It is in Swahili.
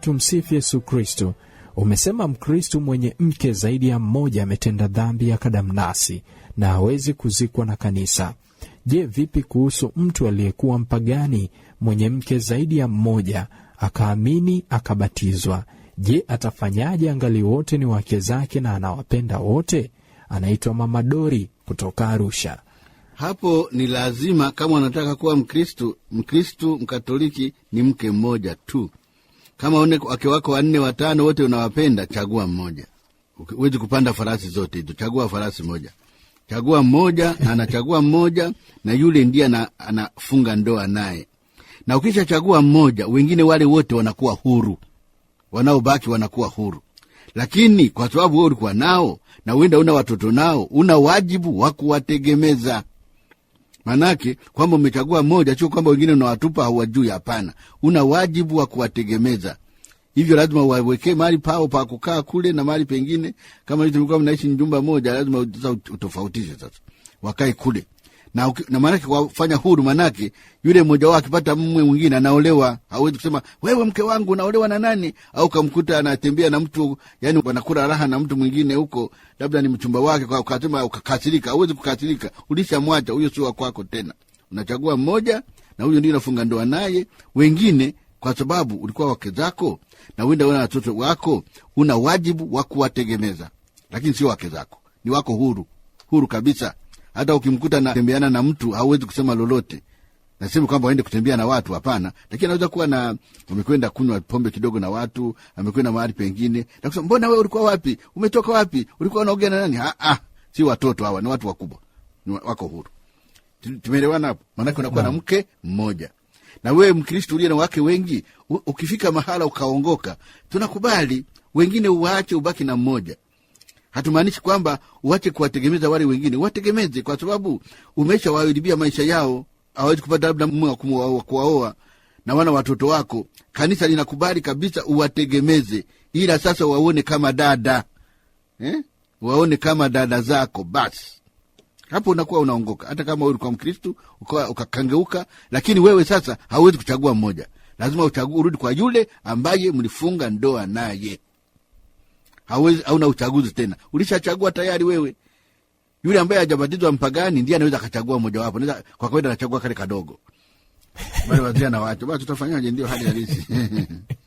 Tumsifu Yesu Kristo. Umesema mkristu mwenye mke zaidi ya mmoja ametenda dhambi ya kadamnasi na hawezi kuzikwa na kanisa. Je, vipi kuhusu mtu aliyekuwa mpagani mwenye mke zaidi ya mmoja akaamini akabatizwa? Je, atafanyaje angali wote ni wake zake na anawapenda wote? Anaitwa mamadori kutoka Arusha. Hapo ni lazima, kama anataka kuwa Mkristu, Mkristu Mkatoliki ni mke mmoja tu, kama une wake wako wanne watano wote unawapenda, chagua mmoja. Huwezi kupanda farasi zote hizo, chagua farasi moja, chagua mmoja na anachagua mmoja, na yule ndiye anafunga ndoa naye. Na ukishachagua mmoja, wengine wale wote wanakuwa huru, wanaobaki wanakuwa huru. Lakini kwa sababu wewe ulikuwa nao na uenda una watoto nao, una wajibu wa kuwategemeza Manake kwamba umechagua moja, sio kwamba wengine unawatupa hauwajui Hapana, una wajibu wa kuwategemeza. Hivyo lazima wawekee mahali pao pa kukaa kule na mahali pengine. Kama hivi mnaishi nyumba moja, lazima utofautishe sasa, wakae kule na, na maanake kwafanya huru, maanake yule mmoja wao akipata mme mwingine anaolewa, hawezi kusema wewe mke wangu unaolewa na nani, au kamkuta anatembea na mtu yani wanakula raha na mtu mwingine huko, labda ni mchumba wake, ukasema ukakasirika. Hauwezi kukasirika, ulishamwacha huyo, sio wakwako tena. Unachagua mmoja na huyo ndio unafunga ndoa naye, wengine kwa sababu ulikuwa wake zako na wenda una watoto wako, una wajibu wa kuwategemeza, lakini sio wake zako, ni wako huru huru kabisa. Hata ukimkuta natembeana na mtu hauwezi kusema lolote. Nasema kwamba waende kutembea na watu, hapana, lakini anaweza kuwa na amekwenda kunywa pombe kidogo na watu, amekwenda mahali pengine na kusema, mbona wewe ulikuwa wapi? Umetoka wapi? Ulikuwa unaongea na nani? Ah, ah, si watoto hawa, ni watu wakubwa, wako huru. Tumeelewana hapo? Maanake unakuwa na mke mmoja na wewe Mkristo uliye na wake wengi, ukifika mahala ukaongoka, tunakubali wengine uwaache, ubaki na mmoja. Hatumaanishi kwamba uache kuwategemeza wale wengine, wategemeze, kwa sababu umesha waharibia maisha yao. awezi kupata labda mume wa kuwaoa na wana watoto wako. Kanisa linakubali kabisa uwategemeze, ila sasa waone kama dada eh? waone kama dada zako basi hapo unakuwa unaongoka. Hata kama wewe ulikuwa Mkristu ukakangeuka, lakini wewe sasa hauwezi kuchagua mmoja, lazima uchagu, urudi kwa yule ambaye mlifunga ndoa naye hauwezi, hauna uchaguzi tena, ulishachagua tayari wewe. Yule ambaye hajabatizwa mpagani ndiye anaweza akachagua mojawapo, anaweza kwa kawaida anachagua kale kadogo bali wazia na watu basi, tutafanyaje? Ndio hali halisi